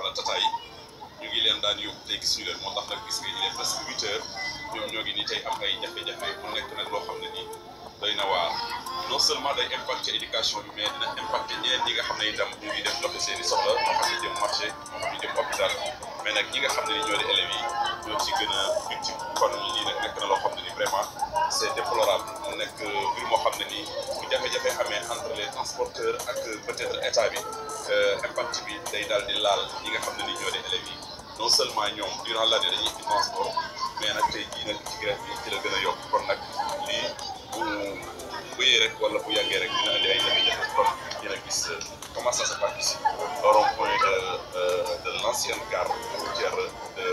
wala tata yi ñu ngi leen daan yóbbu tey gis ñu moo tax nag gis nga leen presque huit ñoom ñoo ngi nii tey am ay jafe-jafe mu nekk nag loo xam ne nii doy waar non seulement day impacter éducation bi mais dina impacter ñeneen ñi nga xam ne itam ñu ngi dem doxi seen i soxla moo xam ne jëm marché moo xam ne jëm hôpital mais ñi nga xam ne a victime kon lii nag nekk nii jafe-jafe amee entre les transporteurs ak peut état bi impact bi day daal di laal ñi nga xam ne ni ñoo di élèves non seulement ñoom durant l'année dañuy finance trop mais nag tey jii nag ci grève bi ci la gën a yokk kon nag lii bu wéyee rek wala bu yàggee rek dina ay jafe-jafe kon dina gis euh, comment ça se passe au rond euh, l'ancienne gare routière de